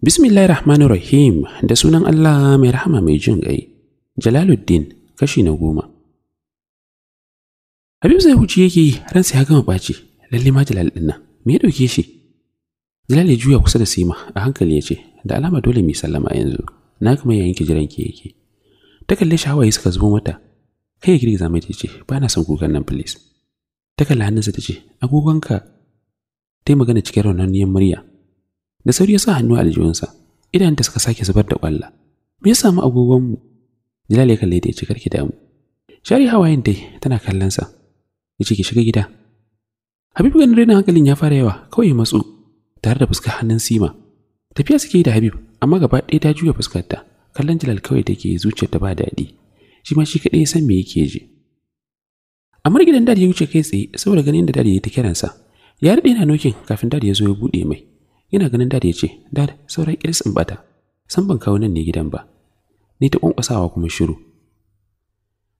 Bismillahir Rahmanir Rahim da sunan Allah mai rahama mai jin ƙai. Jalaluddin kashi na goma. Habib zai huce yake ransa ya gama ɓaci, lalle ma Jalal ɗin nan, me ya ɗauke shi? Jalal ya juya kusa da Sima a hankali ya ce, da alama dole mai sallama yanzu, na kuma yanke jiranki yake. Ta kalle shi suka zubo mata, kai girgiza ta ce ba na son kukan nan please ta kalla hannunsa ta ce agogonka ta yi magana cikin raunaniyar murya da sauri ya sa hannu a aljihunsa idan ta suka sake zubar da kwalla me ya samu agogonmu jilal ya kalle ta ya ce karki damu shari hawayen dai tana kallonsa ya ce ki shiga gida Habibu ganin rainin hankalin ya fara yawa kawai ya matsu tare da fuskar hannun sima tafiya suke yi da habib amma gaba ɗaya ta juya fuskarta kallon jilal kawai take zuciyar ta ba daɗi shi ma shi kaɗai ya san me yake ji amma gidan dad ya wuce kai tsaye saboda ganin da dadi ya yi ta kiransa ya rade yana nokin kafin dad ya zo ya buɗe mai yana ganin dad ya ce dad sauran iris in bata san ban kawo nan ne gidan ba ni ta kwankwasawa kuma shiru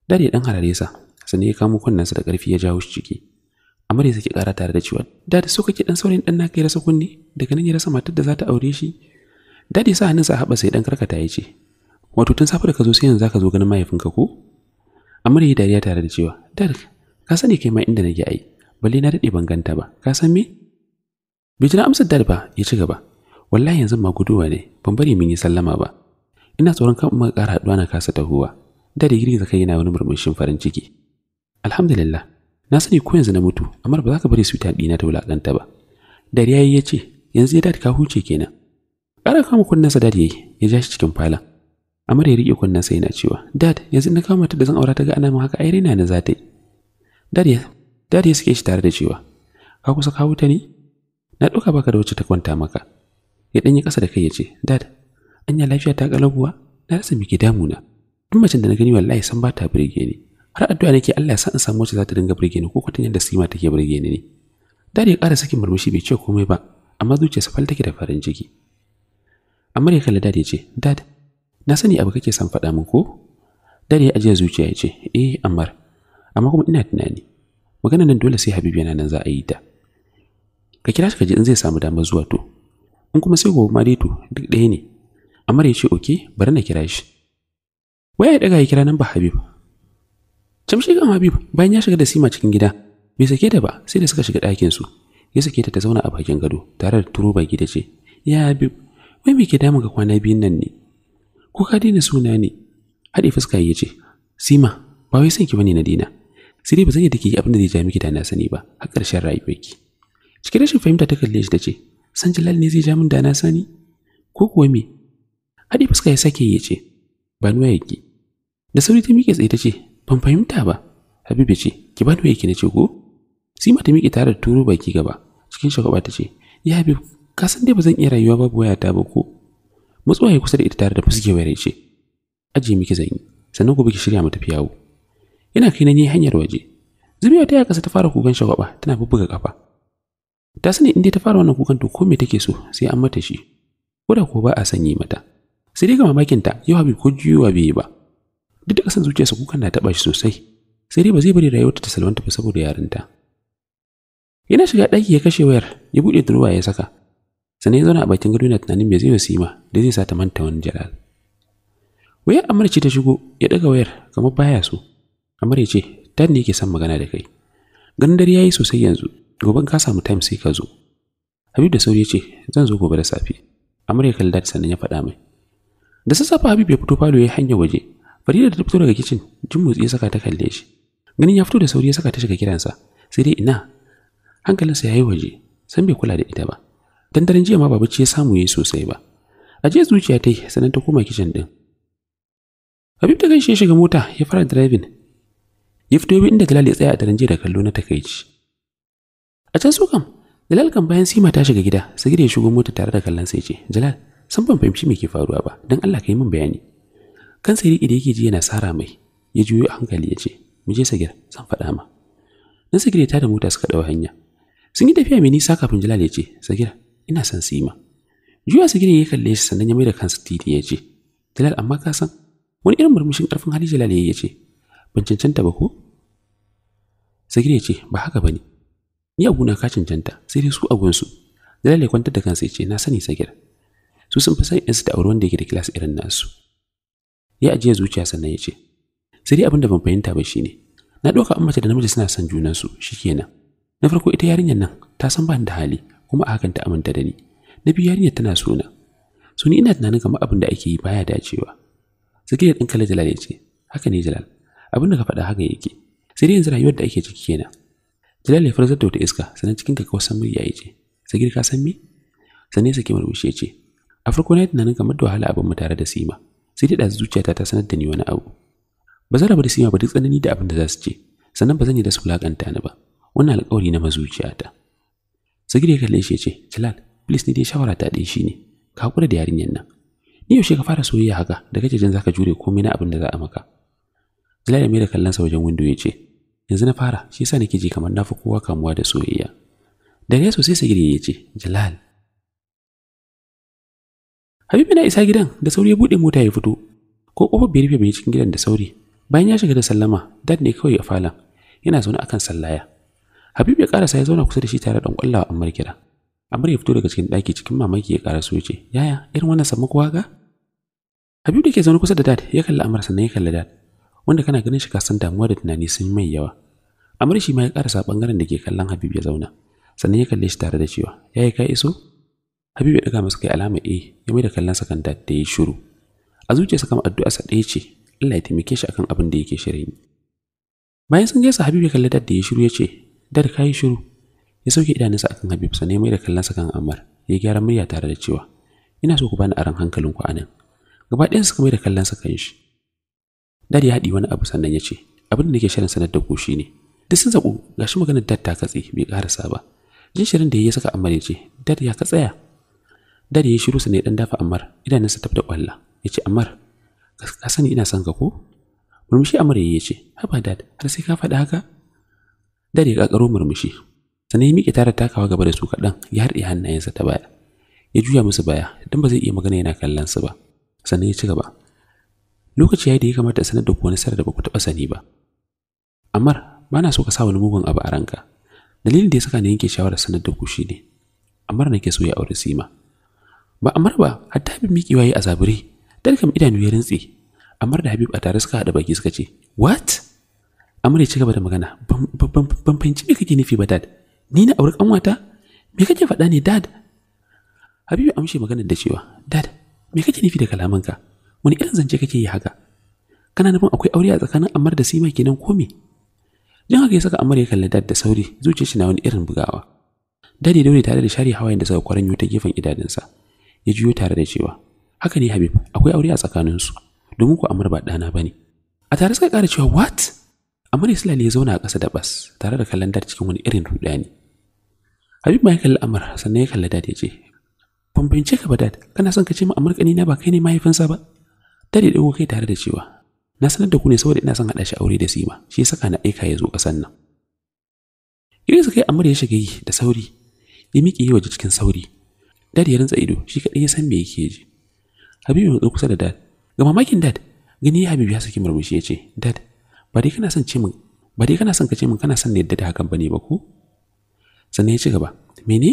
dad ya dan harare sa sannan ya kamo kunnensa da ƙarfi ya jawo shi ciki amma da ya saki ƙara tare da cewa dad so kake dan saurayin dan naka ya rasa kunni daga nan ya rasa matar da za ta aure shi dad ya sa hannunsa a haɓa sai dan karkata ya ce wato tun safe da ka zo sai yanzu zaka zo ganin mahaifinka ko amir yi dariya tare da cewa dark ka sani kai ma inda nake ai balle na daɗe ban ganta ba ka san me bai jira amsar dad ba ya ci gaba wallahi yanzu ma guduwa ne ban bari mun yi sallama ba ina tsoron kan muka ƙara haɗuwa na kasa tahowa da da girgiza kai yana wani murmushin farin ciki alhamdulillah na sani ko yanzu na mutu amma ba za ka bari su ta ɗina ta wulaƙanta ba dariya ya ce yanzu ya dad ka huce kenan ƙara kama kunnen sa ya yi. ya ja shi cikin falon Amar ya riƙe kunnen sai yana cewa, "Dad, yanzu na kama ta da zan aura ta ga ana mun haka ai raina na za yi." Dad ya Dad ya suke shi tare da cewa, "Ka kusa kawo ta ne?" Na ɗauka baka da wacce ta kwanta maka. Ya ɗanyi ƙasa da kai ya ce, "Dad, anya lafiya ta kalabuwa? Na rasa miki damuna. Duk macen da na gani wallahi san ba ta burge ni. Har addu'a nake Allah ya san in samu wacce za ta dinga burge ni ko kwatan da Sima take burge ni ne." Dad ya ƙara sakin murmushi bai ce komai ba, amma zuciyarsa fal take da farin ciki. Amar ya kalli Dad ya ce, "Dad, na sani abu kake son faɗa min ko dare ya zuciya ya ce eh amar amma kuma ina tunani magana nan dole sai habibu yana nan za a yi ta ka kira shi ka ji in zai samu damar zuwa to in kuma sai gobe ma dai to duk ɗaya ne amar ya ce oke bari na kira shi waya ya ɗaga ya kira nan ba habib shi kan habib bayan ya shiga da sima cikin gida bai sake ta ba sai da suka shiga ɗakin su ya sake ta ta zauna a bakin gado tare da turo baki da ce ya habib wai me ke damun ga kwana biyun nan ne ko ka daina suna ne haɗe fuska ya ce sima ba wai son ki bane na dina. sai dai ba zan take yi abin da zai ja miki da na sani ba har ƙarshen rayuwarki cikin rashin fahimta ta kalle shi ta ce san jalal ne zai ja min da na sani ko kuwa me haɗe fuska ya sake ya ce ba nuwa yake da sauri ta miƙe tsaye ta ce ban fahimta ba habibu ce ki ba nuwa yake na ce ko sima ta miƙe tare da turo baki gaba cikin shagaba ta ce ya habib ka san dai ba zan iya rayuwa babu wayata ba ko matsuwa ya kusa da ita tare da fuskewar ya ce aje miki zanyi, sannan gobe ki shirya mu tafi yawo yana kai na ne hanyar waje Zubiya ta kasa ta fara kukan shagwaba tana bubbuga kafa ta sani inda ta fara wannan kukan to ko me take so sai an mata shi ko da ko ba a sanye mata sai dai ga mamakin ta yau habi ko juyuwa bai ba duk da kasan zuciyarsa kukan na taba shi sosai sai dai ba zai bari rayuwarta ta salwanta ba saboda yarinta yana shiga daki ya kashe wayar ya buɗe durowa ya saka sannan ya zauna a bakin gado yana tunanin me zai wasima da zai sa ta manta wani jalal wayar amara ce ta shigo ya daga wayar kamar baya so amara ya ce ta ne yake son magana da kai ganin dare ya yi sosai yanzu gobe ka samu time sai ka zo habib da sauri ya ce zan zo gobe da safe amara ya kalli dad sannan ya faɗa mai da sassafe habib ya fito falo ya hanya waje farida da ta fito daga kicin jin motsi ya saka ta kalle shi ganin ya fito da sauri ya saka ta shiga kiransa sai dai ina hankalinsa ya yi waje san bai kula da ita ba dan daren jiya ma babu ciye ya samu yayi sosai ba a jiya zuciya ta yi sanan ta koma kitchen din Habib ta gaishe shiga mota ya fara driving ya fito bi inda Dalal ya tsaya a daren jiya da kallo na takaici a can sukan Dalal kan bayan Sima ta shiga gida Sagir ya shigo mota tare da kallon sai ce Jalal san ban fahimci me ke faruwa ba dan Allah ka yi min bayani kan sai riƙe da yake ji yana sara mai ya juyo a hankali ya ce mu je Sagir san faɗa ma na Sagir ya da mota suka dawo hanya sun yi tafiya mai nisa kafin Jalal ya ce Sagir ina son sima juya su ya kalle shi sannan ya mai da kansa titi ya ce jalal amma ka san wani irin murmushin karfin hali jalal ya ce ban cancanta ba ko sagir ya ce ba haka ba ne ni abuna ka cancanta sai dai su su jalal ya kwantar da kansa ya ce na sani sagir su sun fi san yansu da auri wanda yake da kilasi irin nasu ya ajiye zuciya sannan ya ce sai dai abin da ban fahimta ba shine na ɗauka an mace da namiji suna son junansu kenan. na farko ita yarinyar nan ta san ban da hali kuma a hakan ta aminta da ni na biyu yarinya tana suna so ni ina tunanin kamar abin da ake yi baya dacewa sakina din kala jalal ya ce haka ne jalal abin da ka faɗa haka yake sai dai yanzu rayuwar da ake ciki kenan jalal ya farzar da wata iska sannan cikin kakawar san murya ya ce sakina ka san me sannan ya saki murmushi ya ce a farko na yi tunanin kamar da wahala abin mu tare da sima sai dai ɗazu zuciyata ta sanar da ni wani abu ba zan rabu da sima ba duk tsanani da abin da za su ce sannan ba zan yi da su wulaƙanta ni ba wannan alƙawari na mazuciyata sai ya kalle shi ya ce jilal please ni dai shawara ta shi ne ka hakura da yarinyar nan ni yaushe ka fara soyayya haka da kake jin zaka jure komai na abin da za a maka Jalal ya mai da kallon sa wajen window ya ce yanzu na fara shi yasa nake ji kamar na fi kowa kamuwa da soyayya dare sosai sai ya ce jalal Habibu na isa gidan da sauri ya bude mota ya fito ko kofar bai rufe bai cikin gidan da sauri bayan ya shiga da sallama dad ne kawai ya fala yana zaune akan sallaya Habib ya karasa ya zauna kusa da shi tare da kwallawa Ammar kira. Ammar ya fito daga cikin ɗaki cikin mamaki ya karasa ya ce, "Yaya, irin wannan samu kuwa ga?" Habib da ke zaune kusa da Dad ya kalli Ammar sannan ya kalli Dad, wanda kana ganin shi kasan damuwa da tunani sun mai yawa. Amar shi ma ya karasa bangaren da ke kallon Habib ya zauna, sannan ya kalle shi tare da cewa, "Yaya ka iso?" Habib ya daga masa kai alama eh ya mai da kallon kan Dad da ya shiru. A zuciyarsa kamar sa ɗaya ce, Allah ya taimake shi akan abin da yake shirin. Bayan sun gaisa Habib ya kalli Dad da ya shiru ya ce, Dar ka shiru ya sauke idanunsa akan habib sannan mai da kallansa kan ammar ya gyara murya tare da cewa ina so ku bani aran hankalin ku anan gaba ɗayan suka mai da kallansa kan shi Dar ya hadi wani abu sannan ya ce abin da nake shirin sanar da ku shine duk sun zaƙo gashi maganar dad ta katse bai karasa ba jin shirin da ya saka ammar ya ce Dar ya ka tsaya dad ya shiru sannan ya ɗan dafa ammar idanunsa tafi da kwalla ya ce ammar ka sani ina son ka ko murmushi ammar ya ce haba dad har sai ka faɗa haka dare ya ƙaƙaro murmushi sanai ya miƙe tare takawa gaba da su kaɗan ya haɗe hannayensa ta baya ya juya musu baya don ba zai iya magana yana kallon su ba sannan ya ci gaba lokaci ya da ya kamata sanar da ku wani sarar da ba ku taɓa sani ba amar ba na so ka sa wani mugun abu a ranka dalilin da ya saka ni yanke shawarar sanar da ku shi ne amar nake so ya aure sima ba amar ba hatta bi miƙewa a azabure dalkan idanu ya rintse amar da habib a tare suka haɗa baki suka ce what Amr ya ci gaba da magana. Ban fahimci me kake nufi ba dad. Ni na auri kanwata? Me kake faɗa ne dad? Habibu amshi maganar da cewa, "Dad, me kake nufi da kalamanka? Wani irin zance kake yi haka?" Kana nufin akwai aure a tsakanin amar da Sima kenan ko me? Jin haka ya saka Ammar ya kalli Dad da sauri, zuciyar shi na wani irin bugawa. Dad ya daure tare da share hawayen da suka kwaranyo ta gefen idanunsa. Ya juyo tare da cewa, "Haka ne Habib, akwai aure a tsakaninsu, domin ku amar ba ɗana bane." A tare suka ƙara cewa, "What?" Amir Isla ne ya zauna a ƙasa da bas tare da kalandar cikin wani irin rudani. Habib ma ya kalli amar sannan ya kalli Dad ya ce, bambance ka ba Dad, kana son ka ce ma Amir ƙani na ba kai ne mahaifinsa ba?" Dad ya dago kai tare da cewa, "Na sanar da ku ne saboda ina son haɗa shi aure da Sima, shi ya saka na aika ya zo ƙasan nan." su kai Amir ya shiga yi da sauri, ya miƙe yi waje cikin sauri. Dad ya rantsa ido, shi kaɗai ya san me yake ji. habib ya zo kusa da Dad. Ga mamakin Dad, gani ya habib ya saki murmushi ya ce, "Dad, ba dai kana son ce min ba kana son ka ce min kana son na yadda da hakan bane ba ko sannan ya ci gaba mene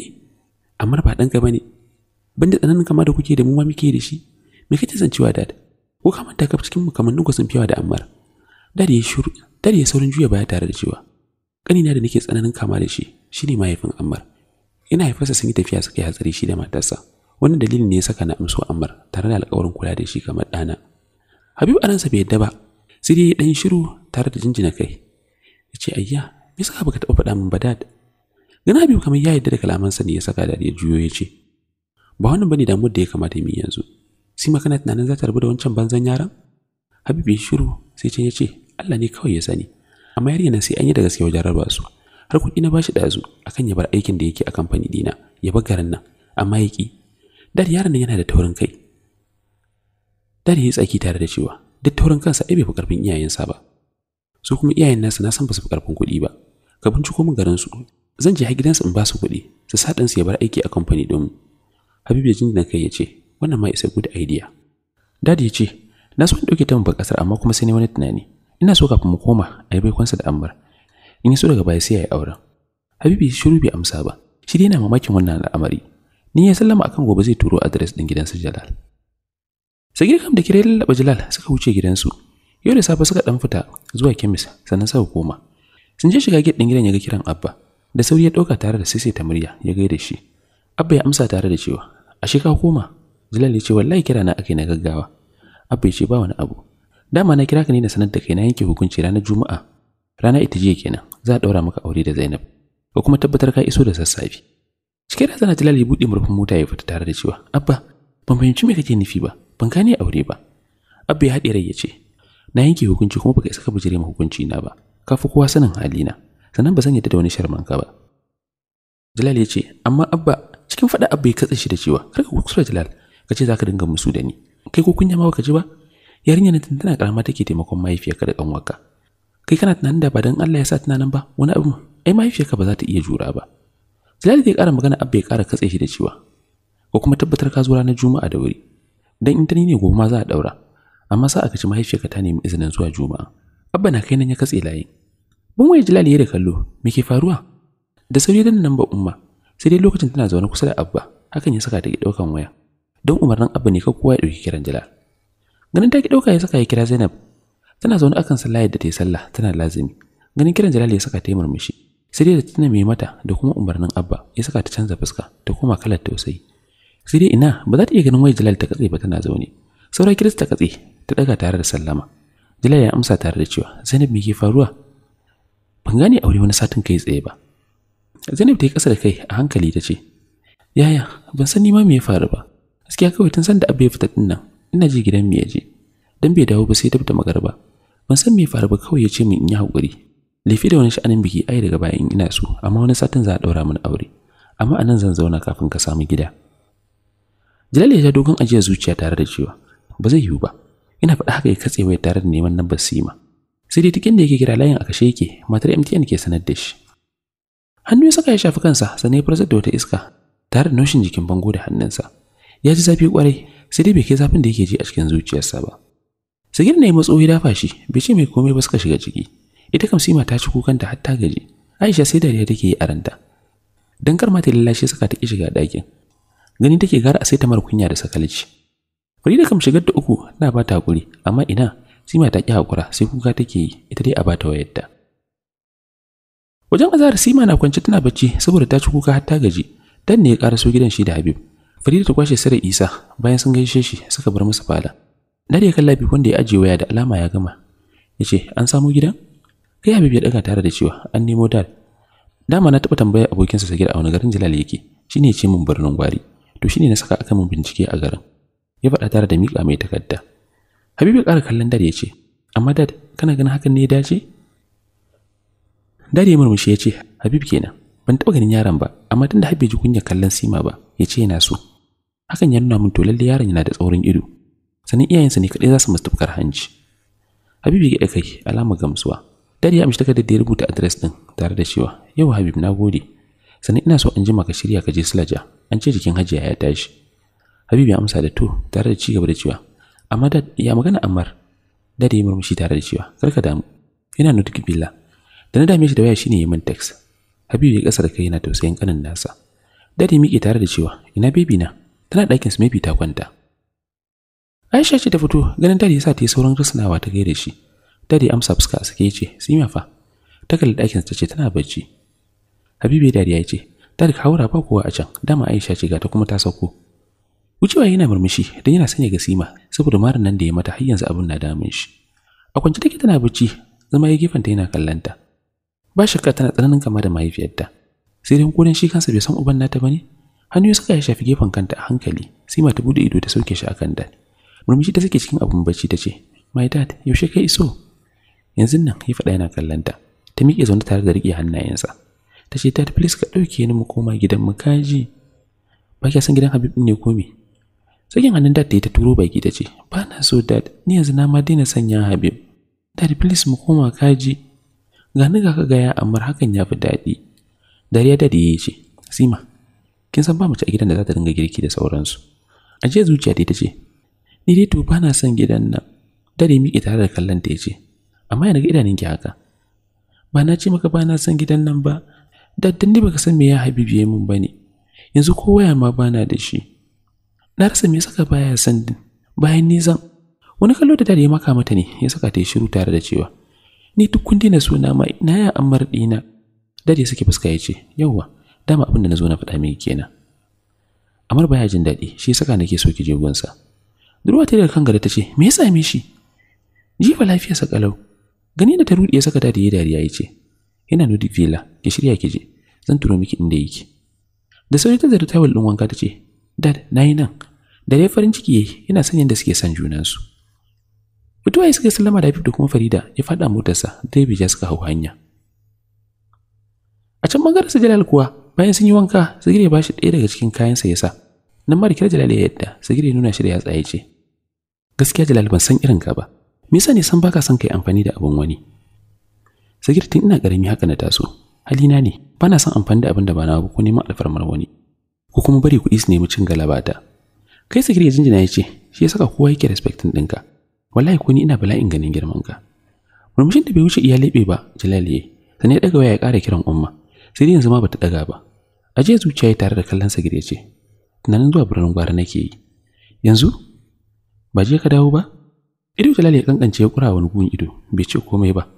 amma ba dan ka bane banda tsananin kama da kuke da mu ma muke da shi me kake son cewa dad ko ka manta ka cikin mukamannin ku sun fiyawa da ammar dad ya shuru dad ya saurin juya baya tare da cewa na da nake tsananin kama da shi shine mahaifin ammar ina haifarsa sun yi tafiya suka yi hatsari shi da matarsa wannan dalilin ne ya saka na amso ammar tare da alƙawarin kula da shi kamar ɗana habib aransa bai yadda ba sai dai ɗan shiru tare da jinjina kai ya ce ayya me saka baka taɓa faɗa min ba dad gana biyu kamar ya yadda da kalamansa ne ya saka da ya juyo ya ce ba wannan bane damuwar da ya kamata mu yanzu sai ma kana tunanin za ta rabu da wancan banzan yaran habibu ya shiru sai ce ya ce Allah ne kawai ya sani amma yarinya nan sai an yi da gaske wajen raba su har kuɗi na bashi ɗazu akan ya bar aikin da yake a kamfani dina ya bar garin nan amma ya ƙi, dad yaron nan yana da taurin kai dad ya yi tsaki tare da cewa duk taurin kansa ai bai fi karfin iyayensa ba su kuma iyayen nasa na san ba su fi karfin kuɗi ba ka binciko min garin su zan je har gidansu in ba su kuɗi su sa ɗansu ya bar aiki a kamfani ɗin habibu ya jinjina kai ya ce wannan ma isa good idea dadi ya ce na so in ɗauke ta ba ƙasar amma kuma sai ne wani tunani ina so kafin mu koma a yi baikonsa da ammar in yi so daga baya sai ya yi auren habibu shiru bai amsa ba shi dai yana mamakin wannan al'amari ni ya sallama akan gobe zai turo adres ɗin gidansa jalal sai girkam da kire lallaba jilal suka wuce gidansu yau da safe suka dan fita zuwa kemis sannan suka koma sun je shiga gate din gidan yaga kiran abba da sauri ya dauka tare da sisi ta murya ya gaida shi abba ya amsa tare da cewa ashe ka koma jilal ya ce wallahi kira na akai na gaggawa abba ya ce ba wani abu dama na kira ka ne na sanar da kai na yanke hukunci ranar juma'a rana ita jiya kenan za a daura maka aure da zainab ko kuma tabbatar ka iso da sassafe cikin razana jilal ya buɗe murfin mota ya fita tare da cewa abba ban fahimci me kake nufi ba ban gane aure ba abu ya haɗe rai ya ce na yanke hukunci kuma baka isa ka bijire ma hukunci na ba ka fi kowa sanin halina sannan ba zan yadda da wani sharman ka ba jalal ya ce amma abba cikin faɗa abba ya katse shi da cewa kar ka kusura jalal ka ce za ka dinga musu da ni kai ko kunya ma baka ji ba yarinya na tana karama take taimakon mahaifiyarka da kanwarka kai kana tunanin da ba dan Allah ya sa tunanin ba wani abu ai mahaifiyarka ba za ta iya jura ba Jalal zai kara magana abba ya kara katse shi da cewa ko kuma tabbatar ka zo ranar Juma'a da wuri dan in ta ne gobe ma za a daura amma sa aka ci mahaifiyarka ta nemi izinin zuwa juma'a abba na kai nan ya katse layi mun waye jilali ya da kallo me ke faruwa da sauri dan nan ba umma sai dai lokacin tana zaune kusa da abba hakan ya saka ta ki daukan waya don umarnin abba ne ka kowa ya dauki kiran jilal ganin ta ki dauka ya saka ya kira zainab tana zaune akan sallah da ta yi sallah tana lazimi ganin kiran jalal ya saka ta yi murmushi sai dai da tana mai mata da kuma umarnin abba ya saka ta canza fuska ta koma kalar tausayi sai dai ina ba za ta iya ganin wai Jalal ta katse ba tana zaune saura Kirista ta katse ta daga tare da sallama Jalal ya amsa tare da cewa Zainab me ke faruwa ban gane aure wani satin kai tsaye ba Zainab ta yi kasa da kai a hankali ta ce yaya ban san nima me ya faru ba gaskiya kawai tun san da abu ya fita din nan ina ji gidan me ya je dan bai dawo ba sai dabta magarba ban san me ya faru ba kawai ya ce min in yi hakuri laifi da wani sha'anin biki ai daga bayan ina so amma wani satin za a daura mini aure amma anan zan zauna kafin ka samu gida Jalal ya ja dogon ajiyar zuciya tare da cewa ba zai yiwu ba. Ina faɗa haka ya katse waya tare da neman nan basima. Sai dai tikin da yake kira layin a kashe yake matar MTN ke sanar da shi. Hannu ya saka ya shafi kansa sannan ya farzar da wata iska tare da noshin jikin bango da hannunsa. Ya ji zafi kwarai sai dai bai kai zafin da yake ji a cikin zuciyarsa ba. Sigir ne matso ya dafa shi bai ce mai komai ba suka shiga ciki. Ita kam Sima ta ci kukanta har ta gaji. Aisha sai dariya take yi a ranta. Dan kar ma ta lallashe suka ta ki shiga ɗakin. gani take gara a sai ta mara da sakalici. Farida kam shigar da uku na ba ta hakuri amma ina Sima ta ki hakura sai kuka take yi ita dai a ba ta wayarta Wajen azar Sima na kwance tana bacci saboda ta ci kuka har ta gaji dan ne ya karaso gidan shi da Habib Farida ta kwashe sare Isa bayan sun gaishe shi suka bar musu fala ya kalla labi wanda ya ajiye waya da alama ya gama yace an samu gidan kai Habib ya daga tare da cewa an nemo dal dama na taɓa tambayar abokinsa sagir a wani garin Jalal yake shine ya ce min birnin gwari to shine na saka aka mun bincike a garin ya faɗa tare da miƙa mai takarda habibu ƙara kallon dare ya ce amma dad kana ganin hakan ne ya dace dare ya murmushi ya ce habib kenan ban taɓa ganin yaron ba amma tunda habib ji kunya kallon sima ba ya ce yana so hakan ya nuna min to lalle yaron yana da tsaurin ido sannan iyayensa ne kaɗai za su musu tafkar hanci habib ya kai alama gamsuwa dare ya amshi takardar da ya rubuta adres ɗin tare da cewa yau habib na gode sannan ina so in jima ka shirya ka je silaja an ce jikin hajiya ya tashi habibu ya amsa da to tare da cigaba da cewa amma dad ya magana ammar dad ya murmushi tare da cewa karka damu yana nutu billa. da na dame shi da waya shine ya min text habib ya kasa da kai yana tausayin kanin nasa dad ya miƙe tare da cewa ina baby na tana ɗakin su maybe ta kwanta Aisha ce ta fito ganin dad ya sa ta yi sauran risnawa ta gaida shi dad ya amsa fuska a sake ya ce sima fa ta kalli ɗakin ta ce tana bacci Habibu dariya ya ce, "Tarik haura ba kowa a can, dama Aisha ce ga ta kuma ta sauko." Wucewa yana murmushi don yana sanya gasima saboda marin nan da ya mata har yanzu abin na damun shi. A kwance take tana bacci, zama ya gefanta yana kallanta. Ba shakka tana tsananin kama da mahaifiyarta. Sai dai kodan shi kansa bai san uban nata bane. Hannu ya saka ya shafi gefen kanta a hankali, sai mata bude ido ta sauke shi akan dad. Murmushi ta sake cikin abin bacci ta ce, "My dad, yaushe kai iso?" Yanzu nan ya faɗa yana kallanta. Ta miƙe zaune tare da riƙe hannayensa. ta ce ta please ka ɗauke ni mu koma gidan mu kaji ba kya san gidan habib ne ko me sakin hannun dad da ta turo baki ta ce ba na so dad ni yanzu na ma daina sanya habib dad please mu koma kaji ga ni ga ka gaya amma hakan ya fi daɗi dariya dad ya ce sima kin san ba mace a gidan da za ta dinga girki da sauransu a je zuciya ta ce ni dai to ba na son gidan nan dare miƙe tare da kallon ta ya ce amma yana ga idanun ki haka ba na ce maka ba na son gidan nan ba da dan baka san me ya habibi ya min bane yanzu ko waya ma bana da shi na rasa me saka baya san din bayan ni zan wani kallo da dare maka mata ne ya saka ta yi shiru tare da cewa ni duk kun dina suna ma na ya amar dina dare suke fuska ya ce yauwa dama abin da na zo na faɗa miki kenan amar baya jin daɗi shi saka nake so ki je sa durwa ta daga kan gari ta ce me ya same shi jifa lafiyarsa kalau gani da ta ya saka ta da yi dariya ya ce yana nudi fila ki shirya ki je zan turo miki inda yake da sauri ta zara tawul din wanka tace dad nayi nan da dai farin ciki yayi yana son yanda suke son su. su ya suka sallama da da kuma farida ya faɗa motarsa direba ya suka hau hanya a can bangaren su jalal kuwa bayan sun yi wanka sigire ba shi ɗaya daga cikin kayan sa yasa nan ma da jalal ya yadda sigire nuna shi da ya tsaye ce gaskiya jalal ban san irin ka ba me yasa ne san baka son kai amfani da abin wani Sagir tun ina ƙarami haka na taso. Halina ne, Bana na son amfani da abin da ba na ko neman alfarmar wani. Ko kuma bari kuɗi su nemi cin galabata. Kai Sagir ya jinjina ya ce, shi ya saka kowa yake respectin ɗinka. Wallahi ko ni ina bala'in ganin girmanka. ka. Murmushin da bai wuce iya leɓe ba, Jalal ya yi. ya ɗaga waya ya ƙara kiran umma. Sai dai yanzu ma bata ɗaga ba. Ajiya zuciya ya tare da kallon Sagir ya ce, tunanin zuwa birnin gwara nake yi. Yanzu? Ba je ka dawo ba? Ido Jalal ya kankance ya kura wani gun ido, bai ce komai ba.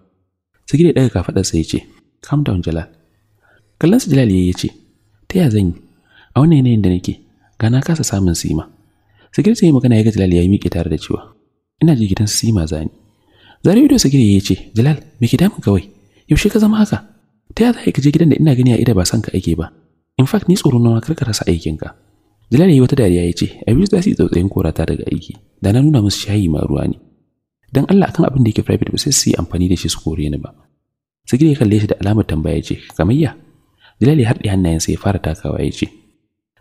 Sigiri ɗaga sai ya ce, Calm down Jalal. Kallonsa Jalal ya ce, Ta ya zan yi, a wannan yanayin da nake, ga na kasa samun sima. Sigiri sai magana ya ga Jalal ya miƙe tare da cewa, Ina je gidan sima zani. Zari ido Sigiri ya ce, Jalal, me ke damun kawai? Yaushe ka zama haka? Ta ya za ka je gidan da ina gani a ida ba san ka ake ba? In fact, ni tsoro nawa karka rasa ka Jalal ya wata dariya ya ce, Abin za su yi korata daga aiki, da na nuna musu shayi ma ruwa ne. dan Allah kan abin da yake private ba sai su yi amfani da shi su kore ni ba sigir ya kalle shi da alamar tambaya ce kamayya Jalal ya haɗe hannayensa ya fara takawa ya ce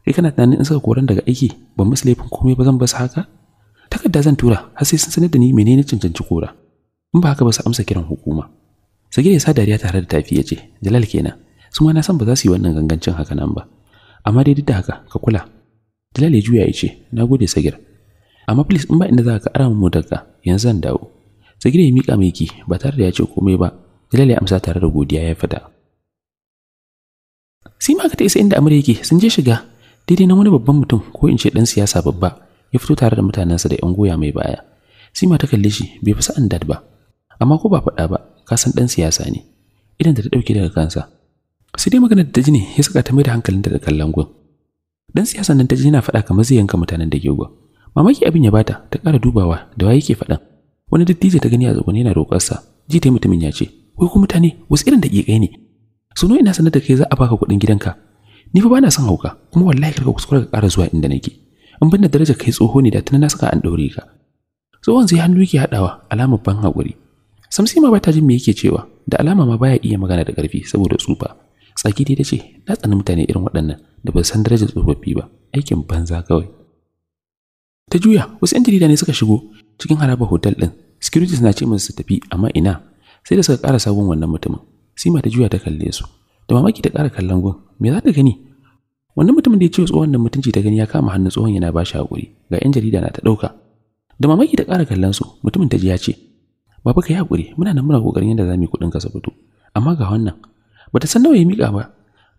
kai kana tunanin in saka koran daga aiki ban musu laifin komai ba zan basu haka takarda zan tura har sai sun sanar da ni menene cancanci kora in ba haka ba su amsa kiran hukuma sigir ya sa dariya tare da tafi ya ce Jalal kenan su ma na san ba za su yi wannan gangancin haka nan ba amma dai duk da haka ka kula Jalal ya juya ya ce na gode sagir amma please in ba inda za ka ara mu daga yanzu zan dawo sagire ya mika miki ba tare da ya ce komai ba Jalal ya amsa tare da godiya ya fada sai ma ka ta isa inda amure yake sun je shiga daidai na wani babban mutum ko in ce dan siyasa babba ya fito tare da mutanensa da yan goya mai baya sai ma ta kalle shi bai fasa an dad ba amma ko ba faɗa ba ka san dan siyasa ne idan ta dauke daga kansa sai dai maganar da ta ji ne ya saka ta mai da hankalinta da kallon gun dan siyasa nan ta ji yana faɗa kamar zai yanka mutanen da ke gun mamaki abin ya bata ta kara dubawa da waye yake faɗan wani dattijo ta gani a zaune yana roƙarsa ji ta mutumin ya ce wai ku mutane wasu irin daƙiƙai ne suno ina sanar da kai za a baka kuɗin gidanka ni fa bana son hauka kuma wallahi karka kuskura ka ƙara zuwa inda nake in bin da daraja kai tsoho ne da tana na saka an ɗaure ka tsohon sai hannu yake haɗawa alamar ban haƙuri samsi ma bata jin me yake cewa da alama ma baya iya magana da ƙarfi saboda tsufa tsaki dai ta ce na tsani mutane irin waɗannan da ba san darajar tsofaffi ba aikin banza kawai ta juya wasu 'yan jarida ne suka shigo cikin harabar hotel ɗin securities na ce musu su tafi amma ina sai da suka ƙara sabon wannan mutumin sima ta juya ta kalle su da mamaki ta ƙara kallon gun me za ta gani wannan mutumin da ya ce tsohon nan mutunci ta gani ya kama hannun tsohon yana ba shi haƙuri ga 'yan jarida na ta ɗauka da mamaki ta ƙara kallon su mutumin ta ji ya ce baba ka yi haƙuri muna nan muna ƙoƙarin yadda za mu yi kuɗin ka fito amma ga wannan bata san nawa ya miƙa ba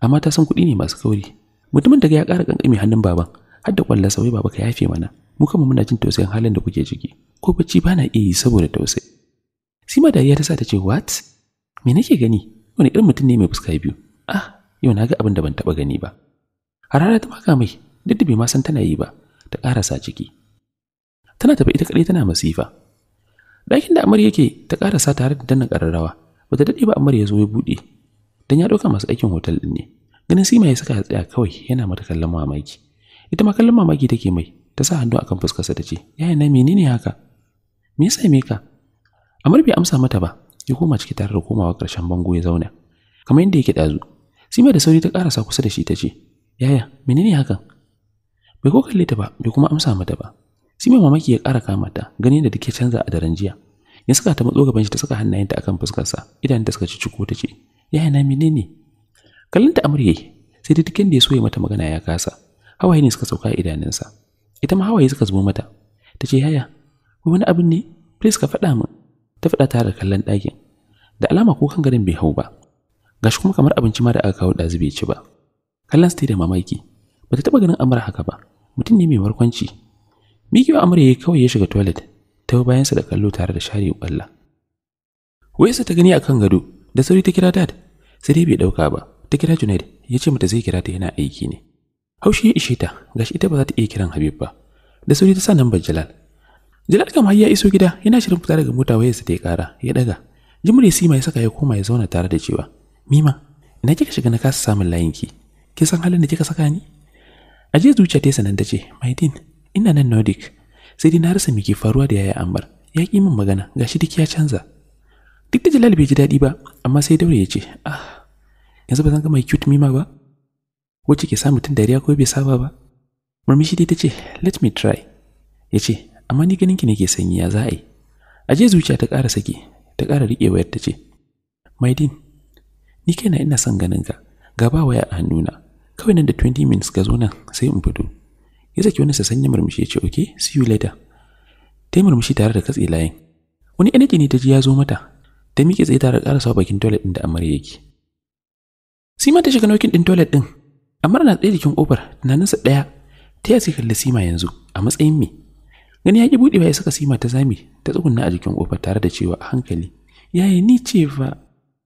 amma ta san kuɗi ne masu kauri mutumin daga ya ƙara ƙanƙami hannun baban har da ƙwallon sauyi baba ka yafe mana mu kuma muna jin tausayin halin da kuke ciki ko bacci ba na iya yi saboda tausayi sima dariya ta sa ta ce what me nake gani wani irin mutum ne mai fuska biyu ah yau na ga abin da ban taba gani ba harara ta maka mai duk da bai ma san tana yi ba ta karasa ciki tana tafi ita kadai tana masifa ɗakin da amarya yake ta karasa tare da dannan kararrawa bata daɗe ba amarya ya zo ya bude dan ya dauka masu aikin hotel ɗin ne ganin sima ya saka ya tsaya kawai yana mata kallon mamaki ita ma kallon mamaki take mai ta sa hannu akan fuskarsa ta ce yaya na menene haka me yasa me ka amar bai amsa mata ba ya koma ciki tare da komawa ƙarshen bango ya zauna kamar yadda yake dazu sima da sauri ta ƙarasa kusa da shi ta ce yaya menene hakan bai ko kalle ta ba bai kuma amsa mata ba sima mamaki ya kara kama ta ganin da take canza a daren jiya ya saka ta matso gaban shi ta saka hannayenta akan fuskarsa idan ta suka ci ciko ta ce yaya na menene kallon ta sai dukkan da ya so ya mata magana ya kasa hawaye ne suka sauka idanunsa ita ma hawaye suka zubo mata ta ce yaya wani abin ne please ka faɗa min ta faɗa tare da kallon ɗakin da alama ko kan garin bai hau ba gashi kuma kamar abinci ma da aka kawo ɗazu bai ci ba kallon su da mamaki bata taɓa ganin amara haka ba mutum ne mai warkwanci mikiwa amara ya kawai ya shiga toilet ta bayan sa da kallo tare da share kwalla wayarsa ta gani akan gado da sauri ta kira dad sai dai bai ɗauka ba ta kira Junaid ya ce mata zai kira ta yana aiki ne haushi ya ishe ta gashi ita ba za ta iya kiran habib ba da sauri ta sa nambar jalal jalal kam har ya iso gida yana shirin fita daga mota wayarsa ta ya kara ya daga jimre sima ya saka ya koma ya zauna tare da cewa mima ina kika shiga na kasa samun layin ki kin san halin da kika saka ni a je zuciya ta sanan ta ce maidin ina nan nordic sai dai na rasa me ke faruwa da yaya ambar ya ki min magana gashi duk ya canza duk da jalal bai ji daɗi ba amma sai daure ya ce ah yanzu ba zan ga mai cute mima ba wacce ke sa tun dariya ko bai saba ba murmushi dai ta ce let me try ya ce amma ni ganin ki nake sanyi ya za a yi aje zuciya ta ƙara saki ta ƙara riƙe wayar ta ce maidin ni kaina ina son ganin ka ga ba waya a hannuna kawai nan da 20 minutes ka zo nan sai in fito ya saki wani sasanya murmushi ya ce okay see you later ta murmushi tare da katse layin wani energy ne ta ji ya zo mata ta miƙe tsaye tare da ƙarasa bakin toilet ɗin da amarya yake Sima ta shiga nokin ɗin toilet ɗin amma na tsaye jikin kofar tunaninsa ɗaya ta yasi kalli sima yanzu a matsayin me gani ya ki buɗewa ya saka sima ta zami ta tsugunna a jikin kofar tare da cewa a hankali yaya ni ce fa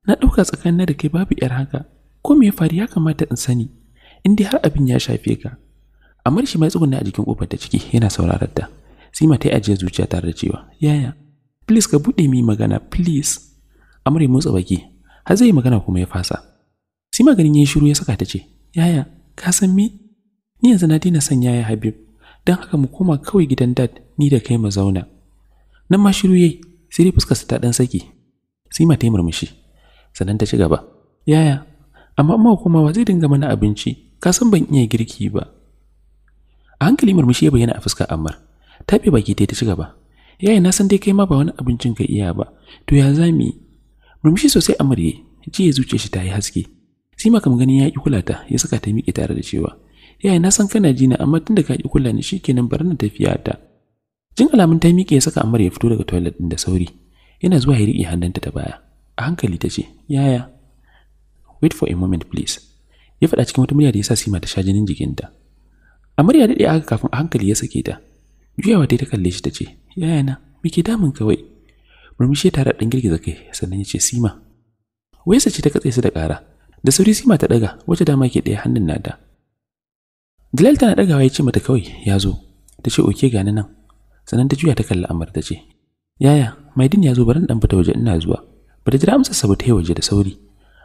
na ɗauka tsakanin da kai babu yar haka ko me ya faru ya kamata in sani in dai har abin ya shafe ka amma shi mai tsugunna a jikin kofar ta ciki yana sauraron ta sima ta yi ajiye zuciya tare da cewa yaya please ka buɗe mi magana please amur ya motsa baki har zai magana kuma ya fasa sima ganin ya yi shiru ya saka ta ce Yaya, ka san me? Ni yanzu na dina san yaya Habib, don haka mu koma kawai gidan dad ni da kai mu zauna. Nan ma shiru yayi, sai dai fuskarsa ta dan saki. Sima ta yi murmushi, sannan ta ci gaba. Yaya, amma amma komawa zai dinga mana abinci, ka san ban iya girki ba. A hankali murmushi ya bayyana a fuskar Ammar. fi baki ta ci gaba. Yaya na san dai kai ma ba wani abincin ka iya ba. To ya za mu yi? Murmushi sosai Ammar ya ji ya zuciya shi ta yi haske. sima kam gani ya ki kula ta ya saka ta miƙe tare da cewa yaya na san kana jina amma da ka ki kula ni shikenan bar na tafiya ta jin alamun ta miƙe ya saka amarya ya fito daga toilet din da sauri yana zuwa ya riƙe hannunta ta baya a hankali ta ce yaya wait for a moment please ya faɗa cikin wata murya da ya sa sima ta sha jinin jikinta amarya ya daɗe aka kafin a hankali ya sake ta juyawa ta ta kalle shi ta ce yaya na me ke damun kawai murmushi ya tare da girgiza kai sannan ya ce sima waisa ce ta katse su da ƙara da sauri sima ta daga wacce dama ke daya hannun nata jalal tana dagawa ya ce mata kawai ya zo ta ce oke gani nan sannan ta juya ta kalli amar ta ce yaya mai din ya zo baran dan fita waje ina zuwa ba ta jira amsa sabu ta yi waje da sauri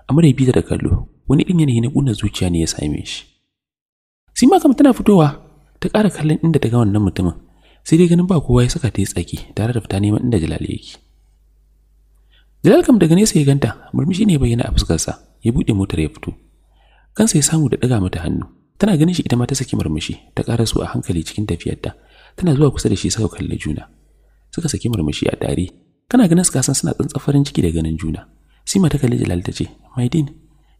amar ya bi ta da kallo wani din yanayi na kunna zuciya ne ya same shi sima kam tana fitowa ta kara kallon inda ta ga wannan mutumin sai dai ganin ba kowa ya saka ta yi tsaki tare da fita neman inda jalal yake Jalal kam daga nesa ya ganta, murmushi ne bayyana a fuskarsa, ya buɗe motar ya fito. Kansa ya samu da daga mata hannu. Tana ganin shi ita ma ta saki murmushi, ta ƙara su a hankali cikin tafiyarta. Tana zuwa kusa da shi suka kalli juna. Suka saki murmushi a tare. Kana ganin suka san suna tsantsan farin ciki da ganin juna. Sima ta kalli Jalal ta ce, din,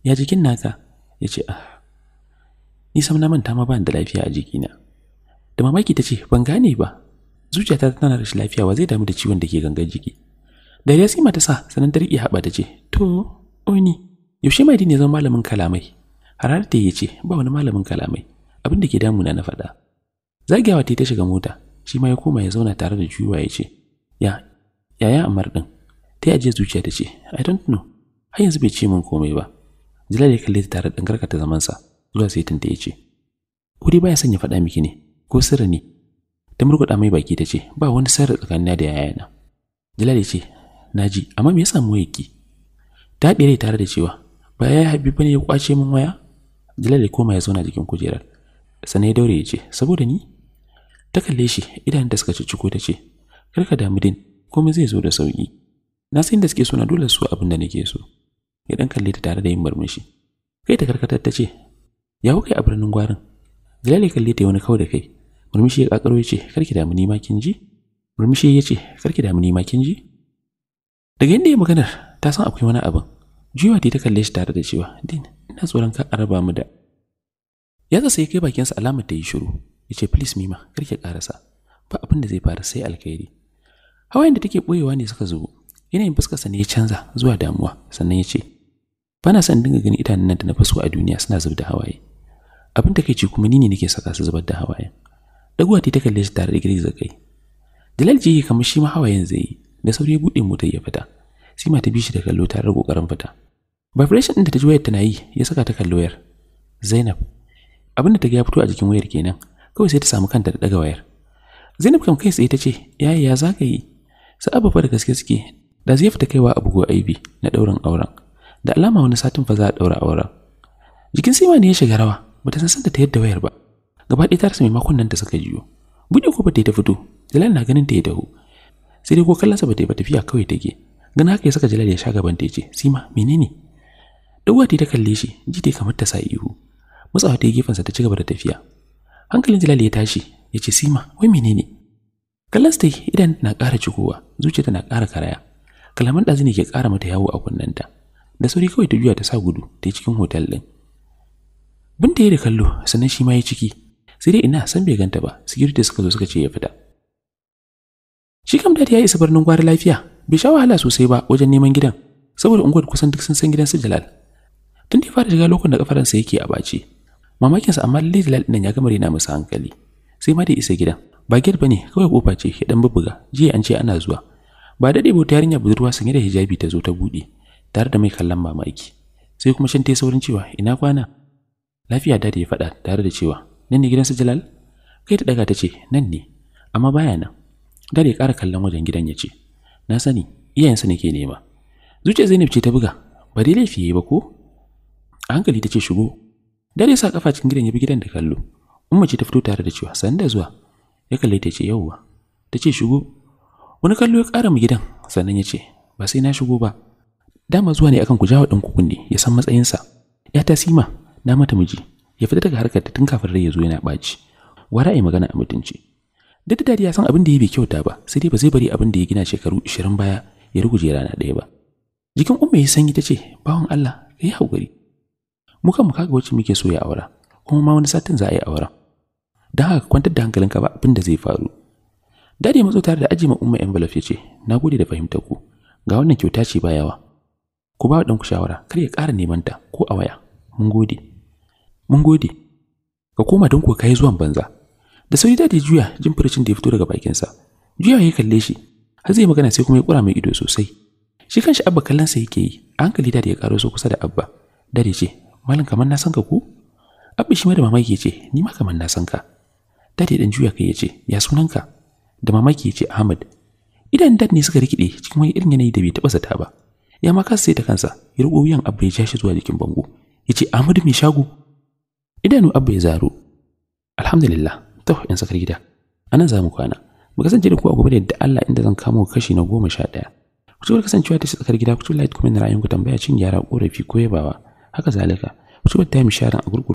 ya jikin naka?" Ya ce, "Ah, ni sam na manta ma ba da lafiya a jikina." Da mamaki ta ce, "Ban gane ba." Zuciyata tana rashin lafiya wa zai damu da ciwon da ke gangan jiki. ya sima mata sa sanan ta riƙe haɓa ta ce, To, oni, yaushe mai ya zama malamin kalamai. Harar ta yi ce, ba wani malamin kalamai, abin da ke damu na faɗa. Zagiyawa ta ta shiga mota, shi ma ya koma ya zauna tare da juwa ya ce, Ya, yaya amar din Ta yi zuciya ta ce, I don't know, har yanzu bai ce min komai ba. jilal ya kalle ta tare da dangarka ta sa zuwa sai tunta ya ce, Ko dai baya son ya faɗa miki ne, ko sirri ne, ta murguɗa mai baki ta ce ba wani sirri tsakanin da yayana jilal ya ce naji amma me ya samu yake ta bire tare da cewa ba ya habi ne ya kwace min waya Jalal ya koma ya zauna jikin kujerar sanai ya daure yace saboda ni ta kalle shi idan da suka cicciko ta ce karka damu din komai zai zo da sauki na san da suke so na dole su abin da nake so ya dan kalle ta tare da yin murmushi kai ta karkatar ta ce ya kai a birnin gwarin Jalal ya kalle ta wani kawai da kai murmushi ya kakaro ya ce karki damu ni ma kin ji murmushi yace karki damu ni ma kin ji daga inda ya maganar ta san akwai wani abin juyawa ta kalle shi tare da cewa din ina tsoron ka a raba mu da ya zasa ya kai bakinsa alamar ta yi shiru ya ce please mima kar ki karasa ba abin da zai fara sai alkhairi hawayen da take boyewa ne suka zubo yanayin fuskarsa ne ya canza zuwa damuwa sannan ya ce bana son dinga ganin idanun nan da na fasu a duniya suna zub da hawaye abin da takeici kuma ni ne nake saka su zubar da hawayen daguwa ta kalle shi tare da girgiza kai dalal ji kamar shi ma hawayen zai yi da sauri ya buɗe motar ya fita sai mata bishi da kallo tare da kokarin fita vibration ɗin da ta ji wayar tana yi ya saka ta kallo wayar zainab abin da ta ga ya fito a jikin wayar kenan kawai sai ta samu kanta da daga wayar zainab kam kai tsaye ta ce yayi ya za ka yi sa'aba fa da gaske suke da zai fita kaiwa abu go aibi na ɗaurin auren da alama wani satin fa za a ɗaura auren jikin sima ne ya shiga rawa bata san sanda ta yadda wayar ba gaba ɗaya ta rasa maimakon nan da saka jiyo buɗe kofar ta fito jalal na ganin ta ya dahu sai dai ko kallonsa ba ta tafiya kawai take gana haka ya saka jalal ya shaga gaban ta ce sima menene dawwa ta kalle shi ji ta kamar ta sa ihu matsawa ta gefen sa ta ci gaba da tafiya hankalin jalal ya tashi ya ce sima wai menene kallon ta idan na ƙara cikowa zuciya tana ƙara karaya kalaman ɗazu ne ke ƙara mata yawo a kunnanta da sauri kawai ta juya ta sa gudu ta yi cikin hotel ɗin binta ya da kallo sannan shi ma ya ciki sai dai ina san bai ganta ba security suka zo suka ce ya fita Shi kam dad ya isa birnin gwari lafiya, bai sha wahala sosai ba wajen neman gidan, saboda unguwar kusan duk sun san gidan su Jalal. Tun da ya fara shiga lokacin da kafaransa yake a mamakin sa amma lalle Jalal ɗin ya gama rena masa hankali. Sai ma da isa gidan, ba ba ne kawai kofa ce ya dan bubbuga, jiya an ce ana zuwa. Ba daɗe ba ta yarinya budurwa sanye da hijabi ta zo ta buɗe, tare da mai kallon mamaki. Sai kuma shan ta saurin cewa ina kwana. Lafiya da ya faɗa tare da cewa nan ne gidan su Jalal? Kai ta daga ta ce nan ne, amma baya nan. Dare ya ƙara kallon wajen gidan ya ce, Na sani, iyayensa ne ke nema. Zuciyar Zainab ce ta buga, ba dai laifi ya ba ko? A hankali ta ce shigo. Dare sa kafa cikin gidan ya bi gidan da kallo. Umma ce ta fito tare da cewa san da zuwa. Ya kalle ta ce yauwa. Ta ce shigo. Wani kallo ya ƙara mu gidan sannan ya ce ba sai na shigo ba. Dama zuwa ne akan ku jawo ɗan kunne ya san matsayinsa. Ya tasima na mata miji ya fita daga harkar ta tun kafin rai ya zo yana ɓaci. Wara yi magana a mutunci. duk da dadi ya san abin da ya bai kyauta ba sai dai ba zai bari abin da ya gina shekaru 20 baya ya ruguje rana ɗaya ba jikin umma ya sanyi ta ce bawan Allah ka yi haƙuri mu kan mu kaga wacce muke so ya aura kuma ma wani satin za a yi auren don haka kwantar da hankalinka ba abin da zai faru dadi ya matso tare da aji ma umma envelope ya ce na gode da fahimtar ku ga wannan kyauta ce ba yawa ku ba ku shawara kar ya ƙara neman ta ko a waya mun gode mun gode ka koma don ku kai zuwan banza da sauri da juya jin furucin da ya fito daga bakinsa juya ya kalle shi har zai magana sai kuma ya kura mai ido sosai shi kan shi abba sa yake yi hankali da ya karo so kusa da abba da ce malam kamar na san ka ku abba shi ma da mamaki ya ce ni ma kamar na san ka da dan juya kai ya ce ya sunan ka. da mamaki ya ce ahmad idan dad ne suka rikide cikin wani irin yanayi da bai taɓa zata ba ya ma kasa sai ta kansa ya rubo wuyan abba ya ja shi zuwa jikin bango ya ce ahmadu mai shago idanu abba ya zaro alhamdulillah to in sakar gida anan za mu kwana mu kasance da ku a gobe da yadda Allah inda zan kamo kashi na goma sha ɗaya ku ci kasancewa ta tsakar gida ku ci light comment ra'ayinku tambaya cin yara korafi ko yabawa haka zalika ku ta yi misharan a gurgurta